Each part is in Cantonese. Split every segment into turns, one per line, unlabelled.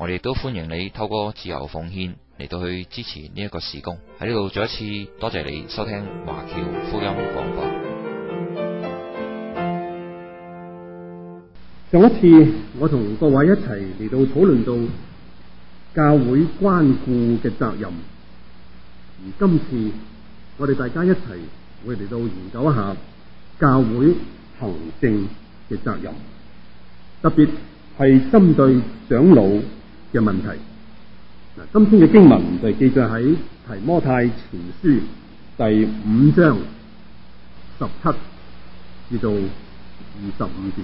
我哋都歡迎你透過自由奉獻嚟到去支持呢一個事工。喺呢度再一次多謝你收聽華僑福音廣播。方法上一次我同各位一齊嚟到討論到教會關顧嘅責任，而今次我哋大家一齊會嚟到研究一下教會行政嘅責任，特別係針對長老嘅問題，嗱，今天嘅經文就係記載喺提摩太前書第五章十七至到二十五節，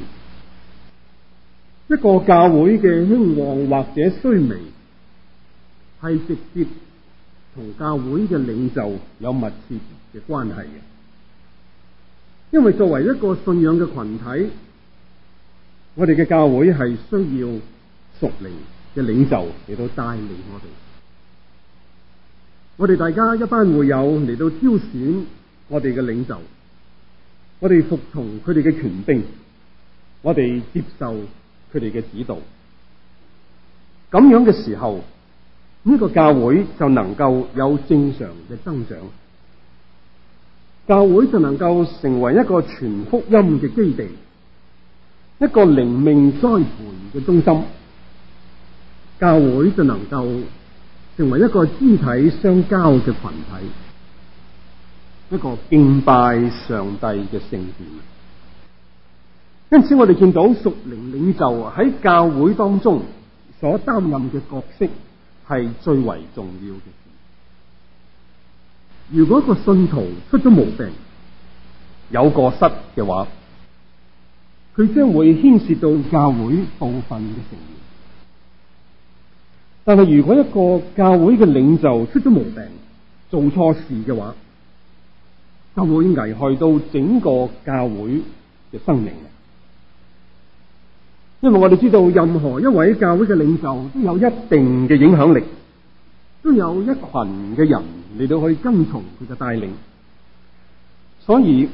一個教會嘅興旺或者衰微，係直接同教會嘅領袖有密切嘅關係嘅。因為作為一個信仰嘅群體，我哋嘅教會係需要熟練。嘅領袖嚟到帶領我哋，我哋大家一班會友嚟到挑選我哋嘅領袖，我哋服從佢哋嘅權柄，我哋接受佢哋嘅指導，咁樣嘅時候，呢個教會就能夠有正常嘅增長，教會就能夠成為一個全福音嘅基地，一個靈命栽培嘅中心。教會就能夠成為一個肢體相交嘅群體，一個敬拜上帝嘅聖殿。因此，我哋見到屬靈領袖喺教會當中所擔任嘅角色係最為重要嘅。如果一個信徒出咗毛病，有過失嘅話，佢將會牽涉到教會部分嘅成員。但係，如果一個教會嘅領袖出咗毛病，做錯事嘅話，就會危害到整個教會嘅生命。因為我哋知道，任何一位教會嘅領袖都有一定嘅影響力，都有一群嘅人嚟到去跟從佢嘅帶領。所以，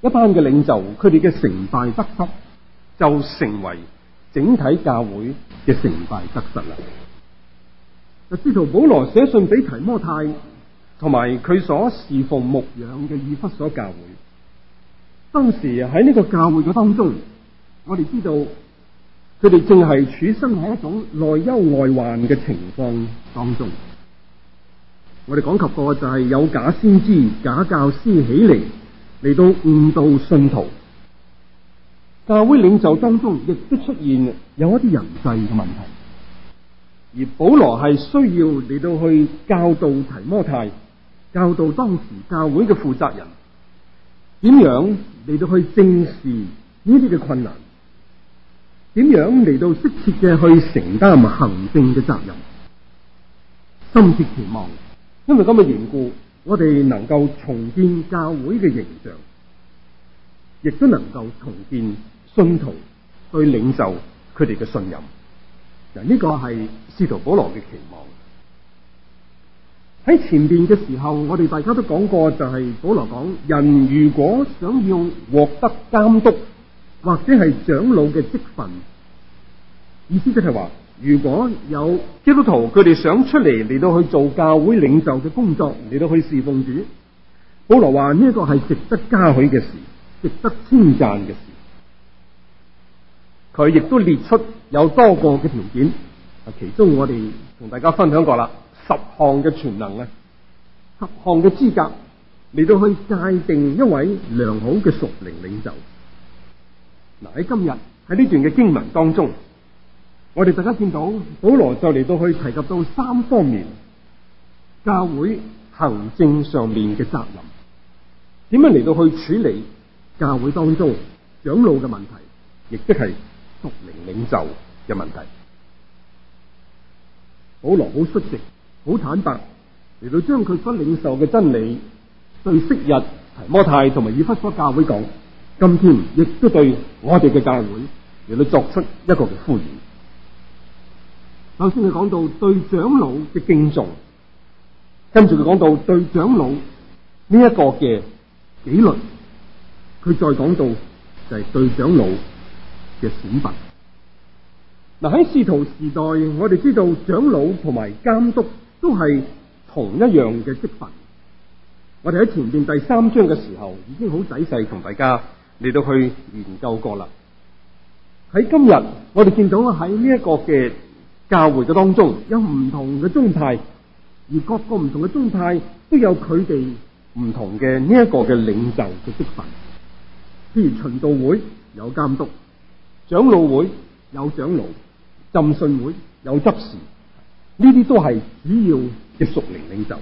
一班嘅領袖佢哋嘅成敗得失，就成為整體教會嘅成敗得失啦。阿司徒保羅寫信俾提摩太，同埋佢所侍奉牧養嘅以弗所教會。當時喺呢個教會嘅當中，我哋知道佢哋正係處身喺一種內憂外患嘅情況當中。我哋講及過就係有假先知、假教師起嚟，嚟到誤導信徒。教會領袖當中亦都出現有一啲人際嘅問題，而保羅係需要嚟到去教導提摩太，教導當時教會嘅負責人，點樣嚟到去正視呢啲嘅困難，點樣嚟到適切嘅去承擔行政嘅責任，深切期望，因為咁嘅緣故，我哋能夠重建教會嘅形象，亦都能夠重建。信徒對領袖佢哋嘅信任，就呢個係司徒保羅嘅期望。喺前邊嘅時候，我哋大家都講過，就係保羅講：人如果想要獲得監督或者係長老嘅職份，意思即係話，如果有基督徒佢哋想出嚟嚟到去做教會領袖嘅工作，嚟到去侍奉主，保羅話呢個係值得嘉許嘅事，值得稱讚嘅事。佢亦都列出有多個嘅條件，啊，其中我哋同大家分享過啦，十項嘅全能啊，十項嘅資格嚟到去界定一位良好嘅屬靈領袖。嗱，喺今日喺呢段嘅經文當中，我哋大家見到保羅就嚟到去提及到三方面教會行政上面嘅責任，點樣嚟到去處理教會當中長老嘅問題，亦即係。獨靈領袖嘅問題，保羅好率直、好坦白，嚟到將佢分領袖嘅真理對昔日提摩太同埋以弗所教會講，今天亦都對我哋嘅教會嚟到作出一個嘅呼應。首先佢講到對長老嘅敬重，跟住佢講到對長老呢一個嘅紀律，佢再講到就係對長老嘅選拔。嗱，喺使徒時代，我哋知道長老同埋監督都係同一樣嘅職份。我哋喺前邊第三章嘅時候已經好仔細同大家嚟到，去研究過啦。喺今日，我哋見到喺呢一個嘅教會嘅當中，有唔同嘅宗派，而各個唔同嘅宗派都有佢哋唔同嘅呢一個嘅領袖嘅職份。譬如循道會有監督。長老會有長老，浸信會有執事，呢啲都係主要嘅屬靈領袖。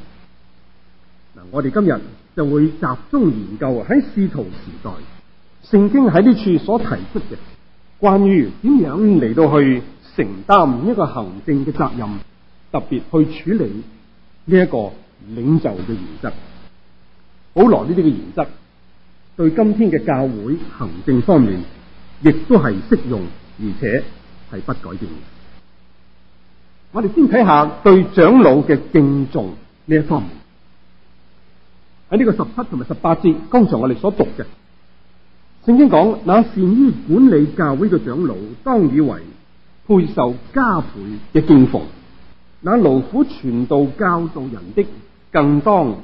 嗱，我哋今日就會集中研究喺使徒時代聖經喺呢處所提出嘅關於點樣嚟到去承擔一個行政嘅責任，特別去處理呢一個領袖嘅原則。保羅呢啲嘅原則，對今天嘅教會行政方面，亦都係適用，而且係不改變。我哋先睇下對長老嘅敬重呢一方面，喺呢個十七同埋十八節，剛才我哋所讀嘅聖經講：那善於管理教會嘅長老，當以為配受加倍嘅敬奉；那勞苦傳道、教導人的，更當如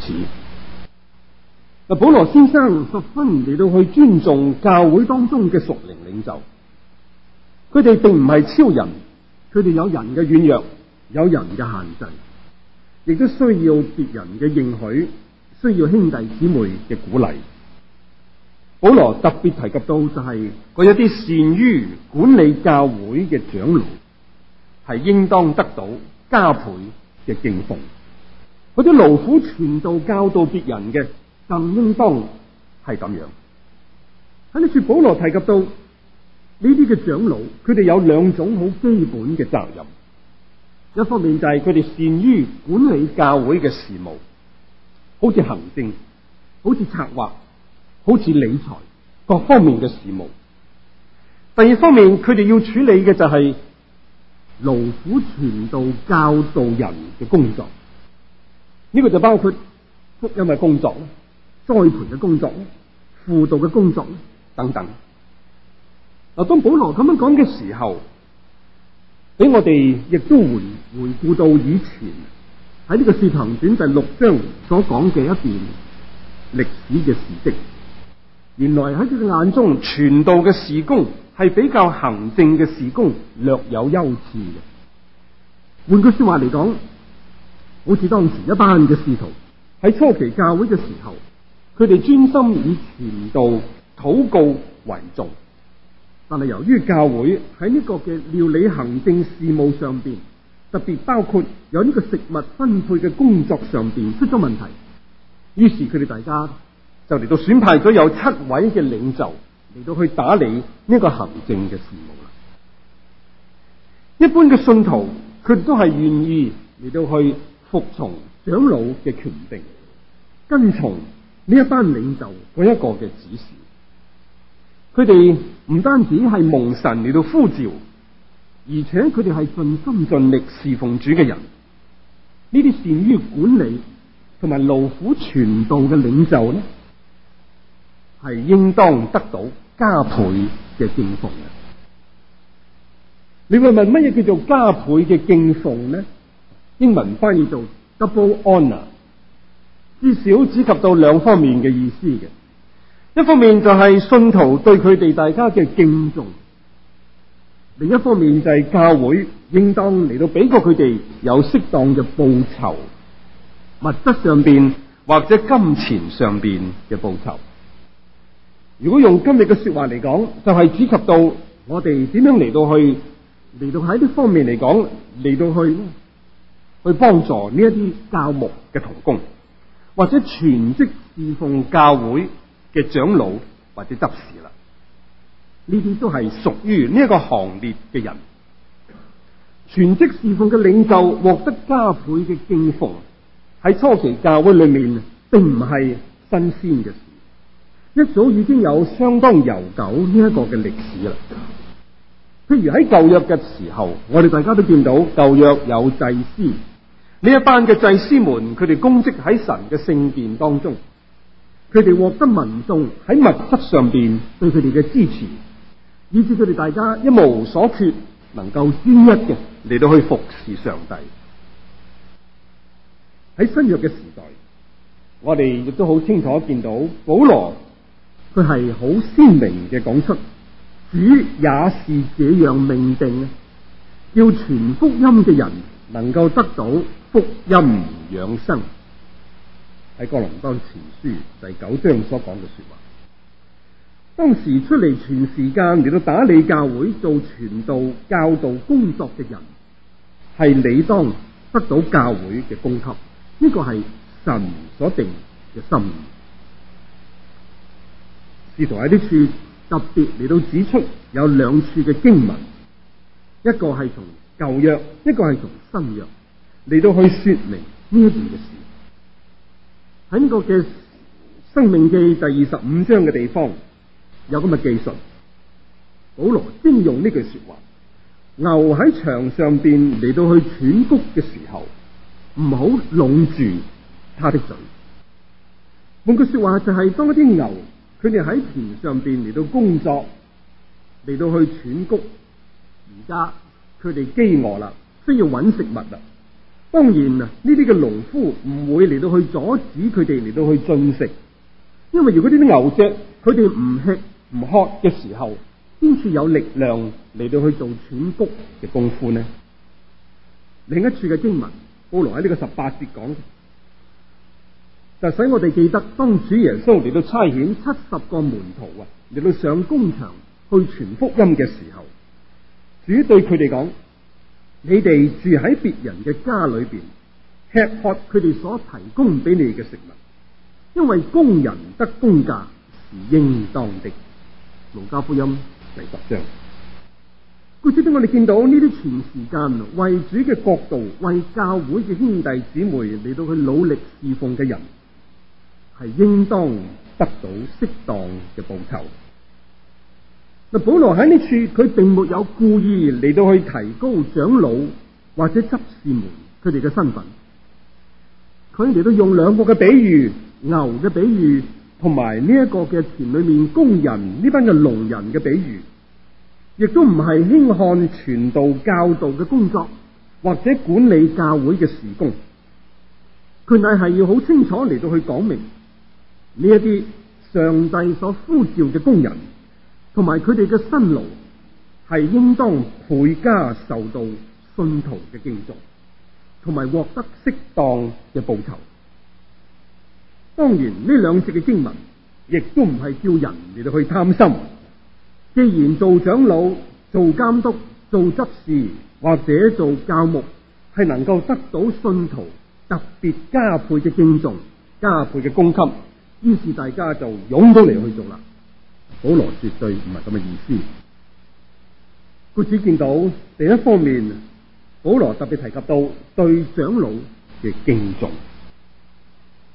此。嗱，保羅先生十分嚟到去尊重教會當中嘅屬靈領袖，佢哋並唔係超人，佢哋有人嘅軟弱，有人嘅限制，亦都需要別人嘅認許，需要兄弟姊妹嘅鼓勵。保羅特別提及到就係佢有啲善於管理教會嘅長老係應當得到加倍嘅敬奉，嗰啲勞苦傳道教導別人嘅。更應當係咁樣。喺呢處，保羅提及到呢啲嘅長老，佢哋有兩種好基本嘅責任。一方面就係佢哋善於管理教會嘅事務，好似行政、好似策劃、好似理財，各方面嘅事務。第二方面，佢哋要處理嘅就係勞苦傳道教導人嘅工作。呢、這個就包括福音嘅工作栽培嘅工作咧，輔導嘅工作等等。嗱，當保羅咁樣講嘅時候，俾我哋亦都回回顧到以前喺呢個《使徒行傳》第六章所講嘅一段歷史嘅事跡。原來喺佢嘅眼中，傳道嘅事工係比較行政嘅事工略有優次嘅。換句說話嚟講，好似當時一班嘅使徒喺初期教會嘅時候。佢哋專心以祈禱禱告為重，但係由於教會喺呢個嘅料理行政事務上邊，特別包括有呢個食物分配嘅工作上邊出咗問題，於是佢哋大家就嚟到選派咗有七位嘅領袖嚟到去打理呢個行政嘅事務啦。一般嘅信徒佢都係願意嚟到去服從長老嘅權力，跟從。呢一班領袖嗰一個嘅指示，佢哋唔單止係蒙神嚟到呼召，而且佢哋係盡心盡力侍奉主嘅人。呢啲善於管理同埋勞苦傳道嘅領袖呢，係應當得到加倍嘅敬奉嘅。你會問乜嘢叫做加倍嘅敬奉呢？英文翻譯做 double honor 至少只及到兩方面嘅意思嘅，一方面就係信徒對佢哋大家嘅敬重，另一方面就係教會應當嚟到俾過佢哋有適當嘅報酬，物質上邊或者金錢上邊嘅報酬。如果用今日嘅說話嚟講，就係、是、只及到我哋點樣嚟到去嚟到喺呢方面嚟講嚟到去去幫助呢一啲教牧嘅同工。或者全職侍奉教會嘅長老或者執事啦，呢啲都係屬於呢一個行列嘅人。全職侍奉嘅領袖穫得加倍嘅敬奉，喺初期教會裏面並唔係新鮮嘅事，一早已經有相當悠久呢一個嘅歷史啦。譬如喺舊約嘅時候，我哋大家都見到舊約有祭司。呢一班嘅祭司們，佢哋供職喺神嘅聖殿當中，佢哋獲得民眾喺物質上面對佢哋嘅支持，以至佢哋大家一無所缺，能夠專一嘅嚟到去服侍上帝。喺新約嘅時代，我哋亦都好清楚見到保羅，佢係好鮮明嘅講出，主也是這樣命定，叫傳福音嘅人能夠得到，福音養生喺哥林多前書第九章所講嘅說的話，當時出嚟全時間嚟到打理教會、做傳道教導工作嘅人，係你當得到教會嘅供給，呢個係神所定嘅心意。使徒喺呢處特別嚟到指出有兩處嘅經文，一個係從舊約，一個係從新約。嚟到去說明呢一段嘅事，喺個嘅《生命記》第二十五章嘅地方有咁嘅記述，保羅先用呢句說話：牛喺牆上邊嚟到去喘穀嘅時候，唔好攏住他的嘴。換句說話就係，當一啲牛佢哋喺田上邊嚟到工作，嚟到去喘穀，而家佢哋飢餓啦，需要搵食物啦。當然啊，呢啲嘅農夫唔會嚟到去阻止佢哋嚟到去進食，因為如果呢啲牛隻佢哋唔吃唔喝嘅時候，邊處有力量嚟到去做踹穀嘅功夫呢？另一處嘅經文，保羅喺呢個十八節講，就使我哋記得當主耶穌嚟到差遣七十個門徒啊嚟到上工場去傳福音嘅時候，主對佢哋講。你哋住喺別人嘅家裏邊，吃喝佢哋所提供俾你嘅食物，因為工人得工價是應當的。《路加福音》第十章，佢指出我哋見到呢啲全時間為主嘅角度，為教會嘅兄弟姊妹嚟到去努力侍奉嘅人，係應當得到適當嘅報酬。嗱，保羅喺呢處佢並沒有故意嚟到去提高長老或者執事們他們佢哋嘅身份，佢嚟到用兩個嘅比喻，牛嘅比喻同埋呢一個嘅田裏面工人呢班嘅農人嘅比喻，亦都唔係輕看傳道教導嘅工作或者管理教會嘅事工，佢乃係要好清楚嚟到去講明呢一啲上帝所呼召嘅工人。同埋佢哋嘅辛勞，係應當倍加受到信徒嘅敬重，同埋獲得適當嘅報酬。當然呢兩節嘅經文亦都唔係叫人嚟到去貪心。既然做長老、做監督、做執事或者做教牧，係能夠得到信徒特別加倍嘅敬重、加倍嘅供給，於是大家就湧咗嚟去做啦。保羅絕對唔係咁嘅意思，佢只見到第一方面，保羅特別提及到對長老嘅敬重。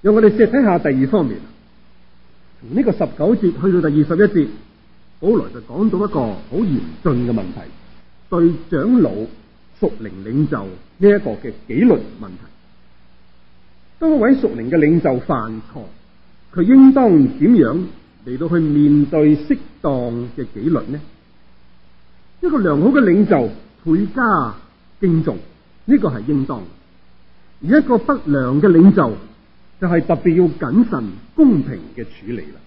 讓我哋試睇下第二方面，從呢個十九節去到第二十一節，保羅就講到一個好嚴峻嘅問題：對長老屬靈領袖呢一個嘅紀律問題。當一位屬靈嘅領袖犯錯，佢應當點樣？嚟到去面對適當嘅紀律呢？一個良好嘅領袖倍加敬重，呢個係應當；而一個不良嘅領袖，就係特別要謹慎公平嘅處理啦。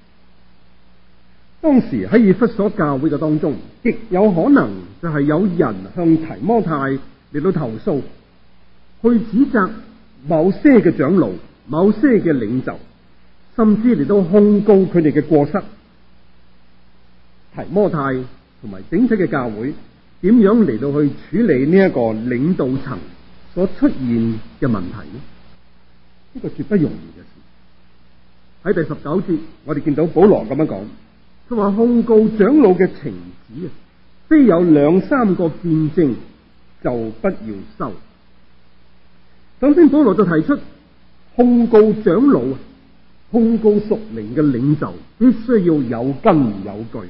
當時喺以弗所教會嘅當中，極有可能就係有人向提摩太嚟到投訴，去指責某些嘅長老、某些嘅領袖。甚至嚟到控告佢哋嘅過失，提摩太同埋整體嘅教會，點樣嚟到去處理呢一個領導層所出現嘅問題咧？呢、這個絕不容易嘅事。喺第十九節，我哋見到保羅咁樣講，佢話控告長老嘅呈子啊，非有兩三個見證就不要收。首先，保羅就提出控告長老啊。控告屬靈嘅領袖，必須要有根有據。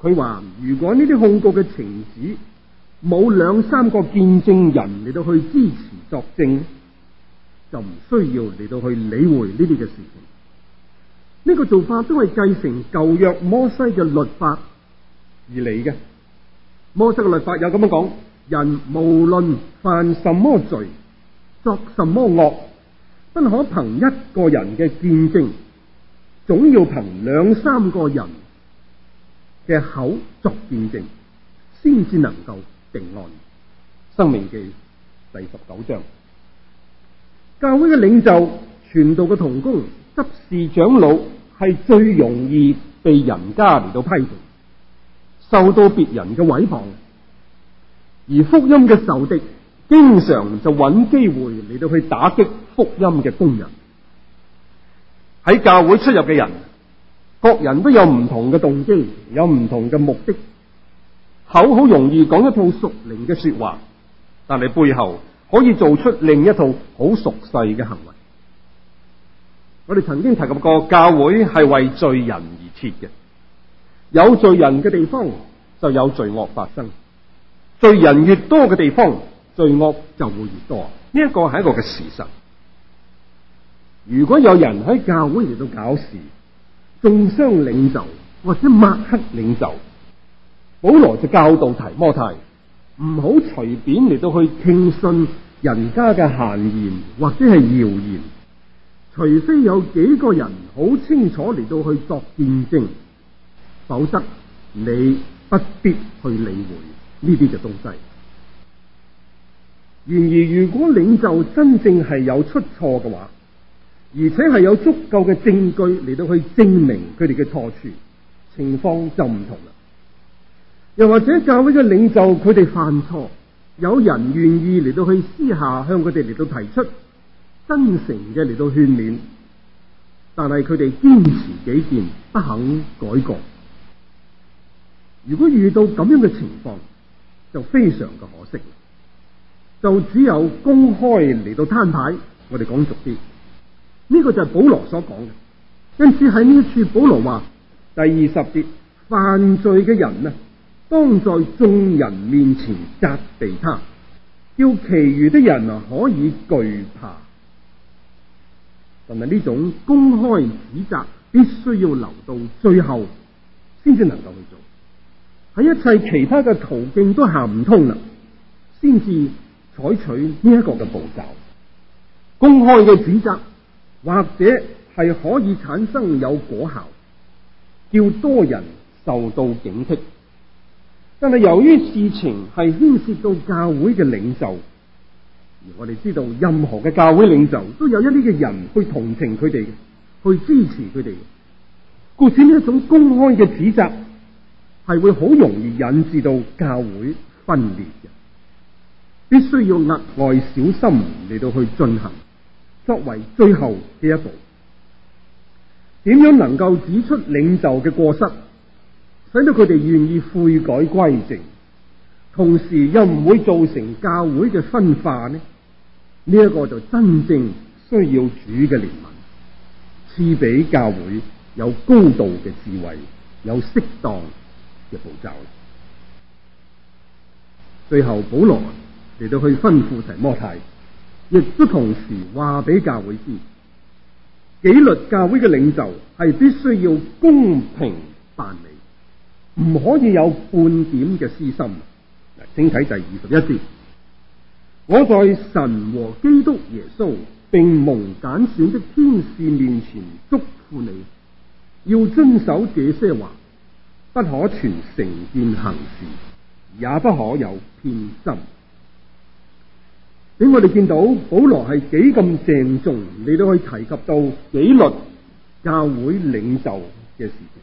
佢話：如果呢啲控告嘅呈詞冇兩三個見證人嚟到去支持作證，就唔需要嚟到去理會呢啲嘅事情。呢、這個做法都係繼承舊約摩西嘅律法而嚟嘅。摩西嘅律法有咁樣講：人無論犯什麼罪，作什麼惡。不可憑一個人嘅見證，總要憑兩三個人嘅口作見證，先至能夠定案。申命記第十九章，教會嘅領袖、傳道嘅同工、執事長老係最容易被人家嚟到批評，受到別人嘅毀謗，而福音嘅仇敵。經常就揾機會嚟到去打擊福音嘅工人。
喺教會出入
嘅人，各人都有唔同嘅動機，有唔同嘅目的。口好容易講一套屬靈嘅說話，但係背後可以做出另一套好屬世嘅行為。我哋曾經提及過，教會係為罪人而設嘅，有罪人嘅地方就有罪惡發生，罪人越多嘅地方。罪惡就會越多，呢一個係一個嘅事實。如果有人喺教會嚟到搞事，中傷領袖或者抹黑領袖，保羅就教導提摩太，唔好隨便嚟到去聽信人家嘅閒言或者係謠言，除非有幾個人好清楚嚟到去作見證，否則你不必去理會呢啲嘅東西。然而，如果領袖真正係有出錯嘅話，而且係有足夠嘅證據嚟到去證明佢哋嘅錯處，情況就唔同啦。又或者教會嘅領袖佢哋犯錯，有人願意嚟到去私下向佢哋嚟到提出真誠嘅嚟到勸勉，但係佢哋堅持己見，不肯改過。如果遇到咁樣嘅情況，就非常嘅可惜。就只有公開嚟到攤牌，我哋講熟啲，呢個就係保羅所講嘅。因此喺呢處保羅話第二十節，犯罪嘅人啊，當在眾人面前責備他，叫其餘的人啊可以懼怕。但係呢種公開指責必須要留到最後，先至能夠去做。喺一切其他嘅途徑都行唔通啦，先至。採取呢一個嘅步驟，公開嘅指責，或者係可以產生有果效，叫多人受到警惕。但係由於事情係牽涉到教會嘅領袖，而我哋知道任何嘅教會領袖都有一啲嘅人去同情佢哋，去支持佢哋。故此呢一種公開嘅指責係會好容易引致到教會分裂嘅。必須要額外小心嚟到去進行，作為最後嘅一步，點樣能夠指出領袖嘅過失，使到佢哋願意悔改歸正，同時又唔會造成教會嘅分化呢？呢、呢、一個就真正需要主嘅憐憫，賜俾教會有高度嘅智慧，有適當嘅步驟。最後，保羅。嚟到去吩咐提摩太，亦都同時話俾教會知紀律教會嘅領袖係必須要公平辦理，唔可以有半點嘅私心。嗱，請睇第二十一節，我在神和基督耶穌並蒙揀選的天使面前囑咐你，要遵守這些話，不可存成見行事，也不可有偏心。俾我哋見到保羅係幾咁鄭重，你都可以提及到紀律教會領袖嘅事情。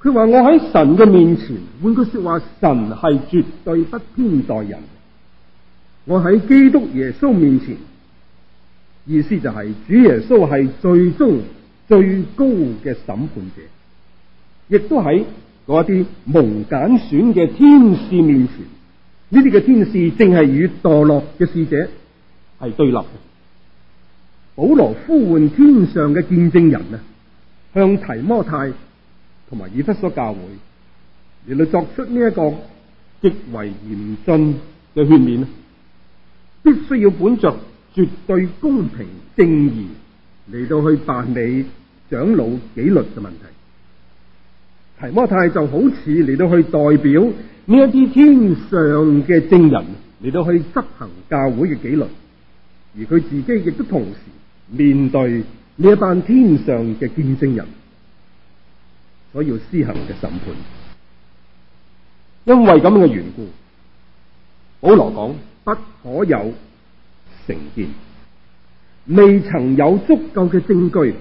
佢話我喺神嘅面前，換句說話，神係絕對不偏待人。我喺基督耶穌面前，意思就係主耶穌，係最終最高嘅審判者，亦都喺嗰啲蒙揀選嘅天使面前。呢啲嘅天使正係與墮落嘅使者係對立嘅。保羅呼喚天上嘅見證人啊，向提摩太同埋以弗所教會原來作出呢一個極為嚴峻嘅勸勉，啊，必須要本着絕對公平正義嚟到去辦理長老紀律嘅問題。提摩太就好似嚟到去代表呢一啲天上嘅證人嚟到去執行教會嘅紀律，而佢自己亦都同時面對呢一班天上嘅見證人所以要施行嘅審判。因為咁嘅緣故，保羅講，不可有成見，未曾有足夠嘅證據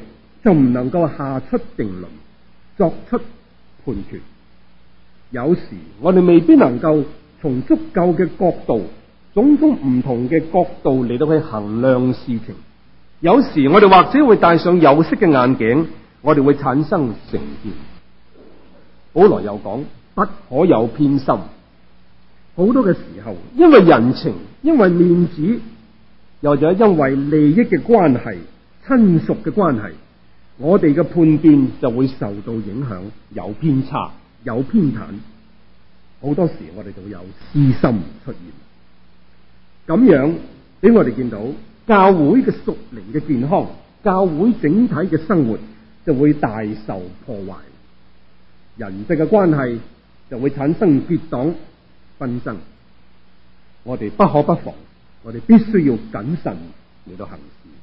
就唔能夠下出定論，作出。判決。有時我哋未必能夠從足夠嘅角度，種種唔同嘅角度嚟到去衡量事情。有時我哋或者會戴上有色嘅眼鏡，我哋會產生成見。保羅又講，不可有偏心。好多嘅時候，因為人情，因為面子，又或者因為利益嘅關係、親屬嘅關係。我哋嘅判斷就會受到影響，有偏差，有偏袒，好多時我哋就會有私心出現。咁樣俾我哋見到教會嘅屬靈嘅健康，教會整體嘅生活就會大受破壞，人際嘅關係就會產生結黨紛爭。我哋不可不防，我哋必須要謹慎嚟到行事。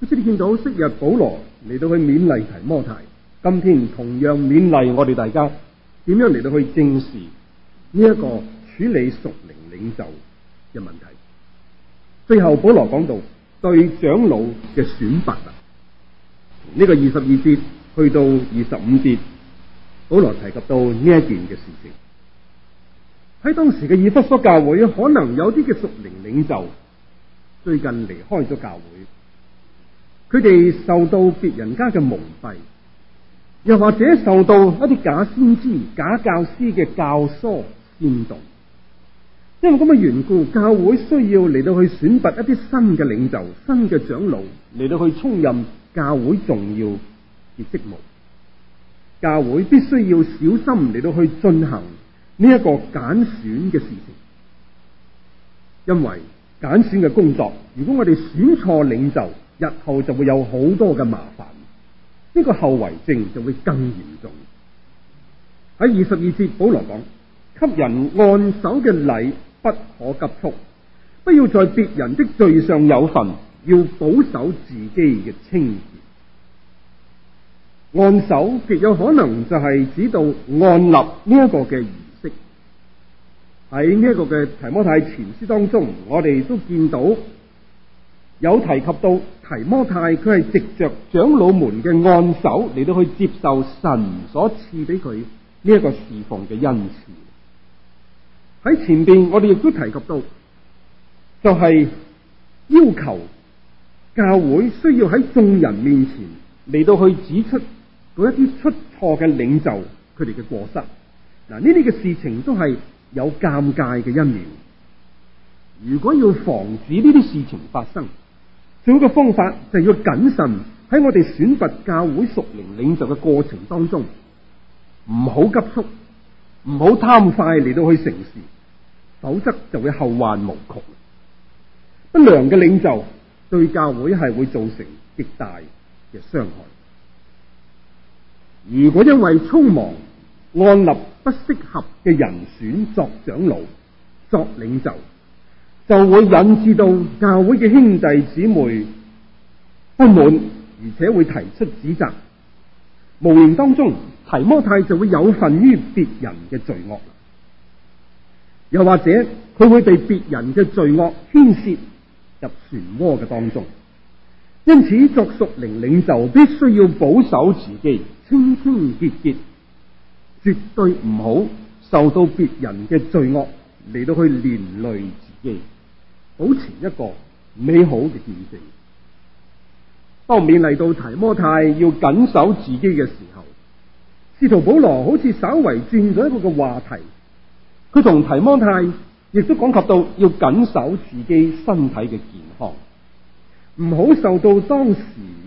我即係見到昔日保羅嚟到去勉勵提摩太，今天同樣勉勵我哋大家點樣嚟到去正視呢一個處理屬靈領袖嘅問題。最後保羅講到對長老嘅選拔，從呢個二十二節去到二十五節，保羅提及到呢一件嘅事情。喺當時嘅以弗所教會，可能有啲嘅屬靈領袖最近離開咗教會。佢哋受到別人家嘅蒙蔽，又或者受到一啲假先知、假教師嘅教唆煽動。因為咁嘅緣故，教會需要嚟到去選拔一啲新嘅領袖、新嘅長老嚟到去充任教會重要嘅職務。教會必須要小心嚟到去進行呢一個揀選嘅事情，因為揀選嘅工作，如果我哋選錯領袖，日後就會有好多嘅麻煩，呢個後遺症就會更嚴重。喺二十二節保羅講：給人按手嘅禮不可急促，不要在別人的罪上有份，要保守自己嘅清潔。按手極有可能就係指到按立呢一個嘅儀式。喺呢一個嘅提摩太前書當中，我哋都見到有提及到。提摩太佢係藉着長老們嘅按手嚟到去接受神所賜俾佢呢一個侍奉嘅恩賜。喺前邊我哋亦都提及到，就係、是、要求教會需要喺眾人面前嚟到去指出嗰一啲出錯嘅領袖佢哋嘅過失。嗱，呢啲嘅事情都係有尷尬嘅一面。如果要防止呢啲事情發生，最好嘅方法就係要謹慎喺我哋選拔教會屬靈領袖嘅過程當中，唔好急速，唔好貪快嚟到去成事，否則就會後患無窮。不良嘅領袖對教會係會造成極大嘅傷害。如果因為匆忙按立不適合嘅人選作長老，作領袖。就會引致到教會嘅兄弟姊妹不滿，而且會提出指責。無形當中，提摩太就會有份於別人嘅罪惡，又或者佢會被別人嘅罪惡牽涉入漩渦嘅當中。因此，作屬靈領，領袖必須要保守自己清清潔潔，絕對唔好受到別人嘅罪惡嚟到去連累自己。保持一個美好嘅見證。當面嚟到提摩太要謹守自己嘅時候，使徒保羅好似稍為轉咗一個嘅話題。佢同提摩太亦都講及到要謹守自己身體嘅健康，唔好受到當時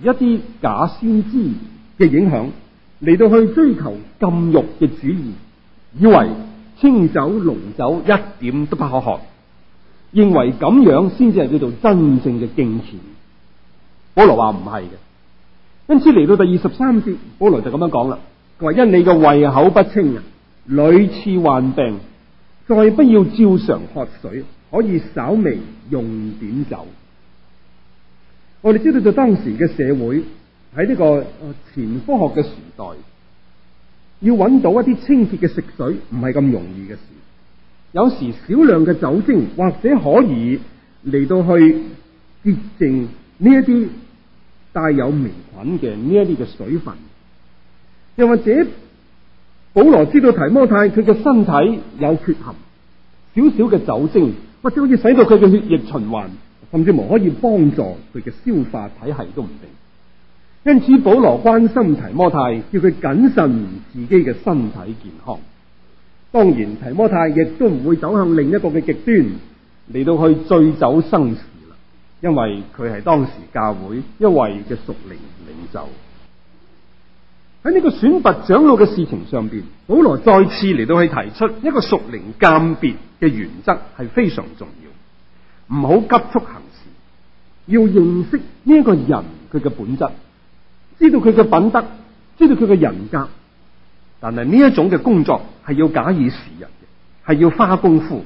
一啲假先知嘅影響，嚟到去追求禁欲嘅主義，以為清酒濃酒一點都不可喝，認為咁樣先至係叫做真正嘅敬虔，保羅話唔係嘅，因此嚟到第二十三節，保羅就咁樣講啦，佢話因你嘅胃口不清啊，屢次患病，再不要照常喝水，可以稍微用點酒。我哋知道在當時嘅社會喺呢個前科學嘅時代，要搵到一啲清潔嘅食水唔係咁容易嘅事。有時少量嘅酒精或者可以嚟到去潔淨呢一啲帶有微菌嘅呢一啲嘅水分，又或者保羅知道提摩太佢嘅身體有缺陷，少少嘅酒精或者好似使到佢嘅血液循環，甚至乎可以幫助佢嘅消化體系都唔定。因此保羅關心提摩太，叫佢謹慎自己嘅身體健康。當然，提摩太亦都唔會走向另一個嘅極端嚟到去醉酒生事啦，因為佢係當時教會一位嘅屬靈領袖。喺呢個選拔長老嘅事情上面，保羅再次嚟到去提出一個屬靈鑒別嘅原則係非常重要，唔好急速行事，要認識呢一個人佢嘅本質，知道佢嘅品德，知道佢嘅人格。但係呢一種嘅工作係要假以時日嘅，係要花功夫。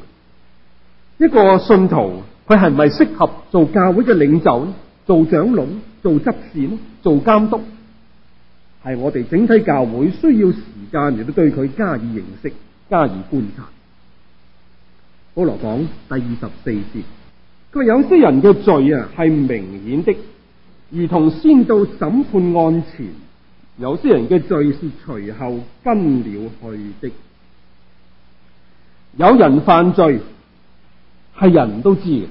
一個信徒佢係咪適合做教會嘅領袖，做長老，做執事，做監督？係我哋整體教會需要時間嚟到對佢加以認識，加以觀察。保羅講第二十四節，佢話有些人嘅罪啊係明顯的，如同先到審判案前。有些人嘅罪是隨後跟了去的，有人犯罪係人都知嘅，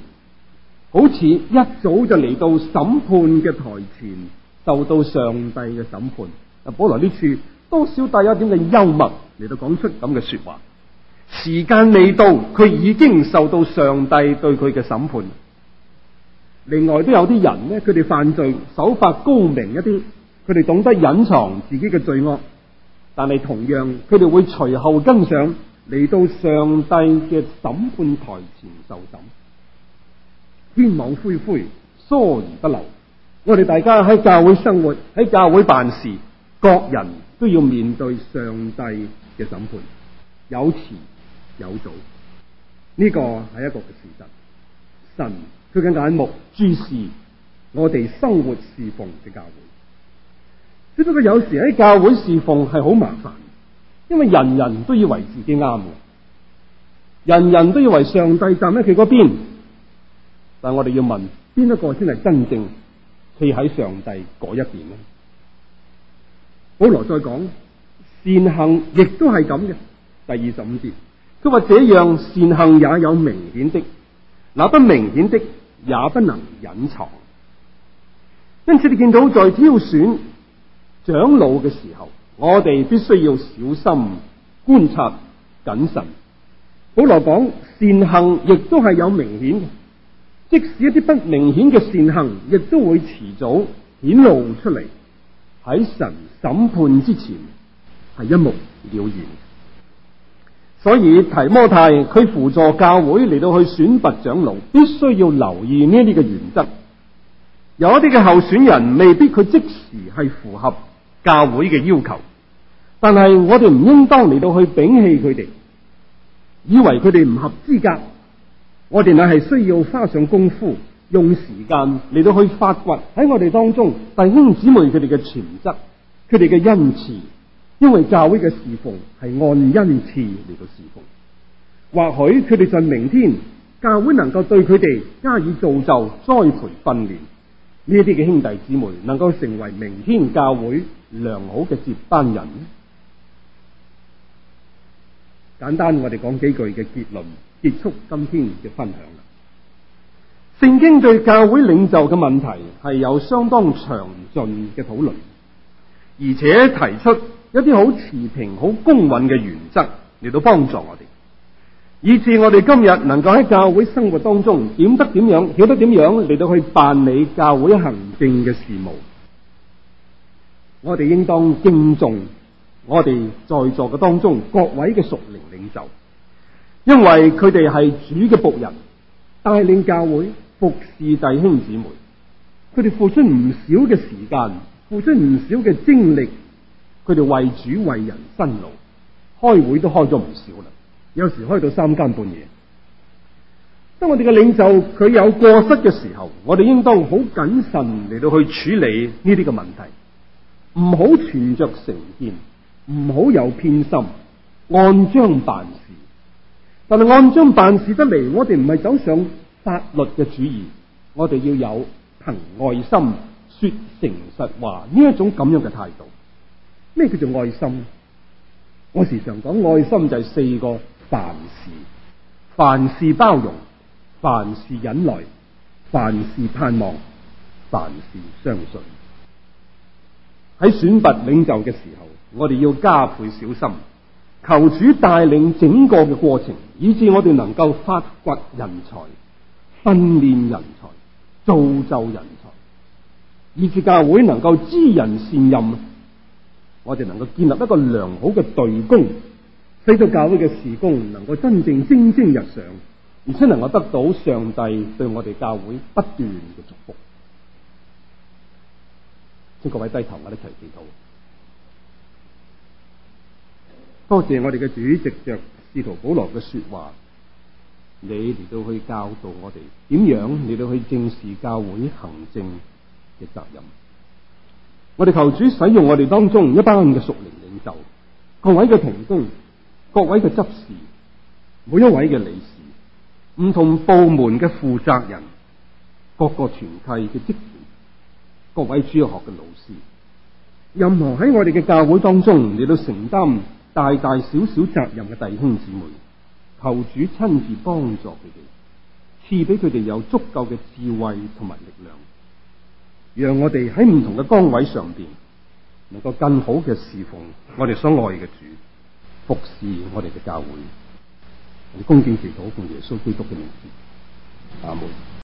好似一早就嚟到審判嘅台前，受到上帝嘅審判。啊，本來呢處多少帶有一點嘅幽默嚟到講出咁嘅說話。時間未到，佢已經受到上帝對佢嘅審判。另外都有啲人呢，佢哋犯罪手法高明一啲。佢哋懂得隱藏自己嘅罪惡，但係同樣佢哋會隨後跟上嚟，到上帝嘅審判台前受審。天網恢恢，疏而不漏。我哋大家喺教會生活，喺教會辦事，各人都要面對上帝嘅審判，有遲有早。呢個係一個嘅事實。神佢嘅眼目注視我哋生活侍奉嘅教會。只不過有時喺教會侍奉係好麻煩，因為人人都以為自己啱，人人都以為上帝站喺佢嗰邊，但係我哋要問邊一個先係真正企喺上帝嗰一邊呢？保羅再講善行亦都係咁嘅，第二十五節，佢話，這樣善行也有明顯的，那不明顯的也不能隱藏。因此你見到在挑選。長老嘅時候，我哋必須要小心觀察、謹慎。保羅講善行亦都係有明顯嘅，即使一啲不明顯嘅善行，亦都會遲早顯露出嚟，喺神審判之前係一目了然。所以提摩太佢輔助教會嚟到去選拔長老，必須要留意呢啲嘅原則。有一啲嘅候選人未必佢即時係符合教會嘅要求，但係我哋唔應當嚟到去摒棄佢哋，以為佢哋唔合資格。我哋乃係需要花上功夫，用時間嚟到去發掘喺我哋當中弟兄姊妹佢哋嘅潛質，佢哋嘅恩賜，因為教會嘅侍奉係按恩賜嚟到侍奉。或許佢哋就明天教會能夠對佢哋加以造就、栽培、訓練。呢啲嘅兄弟姊妹能夠成為明天教會良好嘅接班人，簡單我哋講幾句嘅結論，結束今天嘅分享啦。聖經對教會領袖嘅問題係有相當詳盡嘅討論，而且提出一啲好持平、好公允嘅原則嚟到幫助我哋。以致我哋今日能夠喺教會生活當中，點得點樣，曉得點樣嚟到去辦理教會行政嘅事務，我哋應當敬重我哋在座嘅當中各位嘅屬靈領袖，
因為佢
哋係主嘅僕人，帶領教會服侍弟兄姊妹，佢哋付出唔少嘅時間，付出唔少嘅精力，佢哋為主為人辛勞，開會都開咗唔少啦。有時開到三更半夜。當我哋嘅領袖佢有過失嘅時候，我哋應當好謹慎嚟到去處理呢啲嘅問題，唔好存着成見，唔好有偏心，按章辦事。但係按章辦事得嚟，我哋唔係走上法律嘅主義，我哋要有憑愛心說誠實話呢一種咁樣嘅態度。咩叫做愛心？我時常講愛心就係四個。凡事，凡事包容，凡事忍耐，凡事盼望，凡事相信。喺選拔領袖嘅時候，我哋要加倍小心，求主帶領整個嘅過程，以致我哋能夠發掘人才、訓練人才、造就人才，以致教會能夠知人善任，我哋能夠建立一個良好嘅隊工。呢個教會嘅事工能夠真正蒸蒸日上，而且能夠得到上帝對我哋教會不斷嘅祝福。請各位低頭，我哋一齊祈禱。多謝我哋嘅主席着司徒保羅嘅說話，你哋都去教導我哋點樣你到去正視教會行政嘅責任。我哋求主使用我哋當中一班嘅屬靈領袖，各位嘅同工。各位嘅執事，每一位嘅理事，唔同部門嘅負責人，各個團契嘅職員，各位主日學嘅老師，任何喺我哋嘅教會當中，你都承擔大大小小責任嘅弟兄姊妹，求主親自幫助佢哋，賜俾佢哋有足夠嘅智慧同埋力量，讓我哋喺唔同嘅崗位上邊，能夠更好嘅侍奉我哋所愛嘅主。服侍我哋嘅教會，同恭敬祈禱，奉耶穌基督嘅名字，阿門。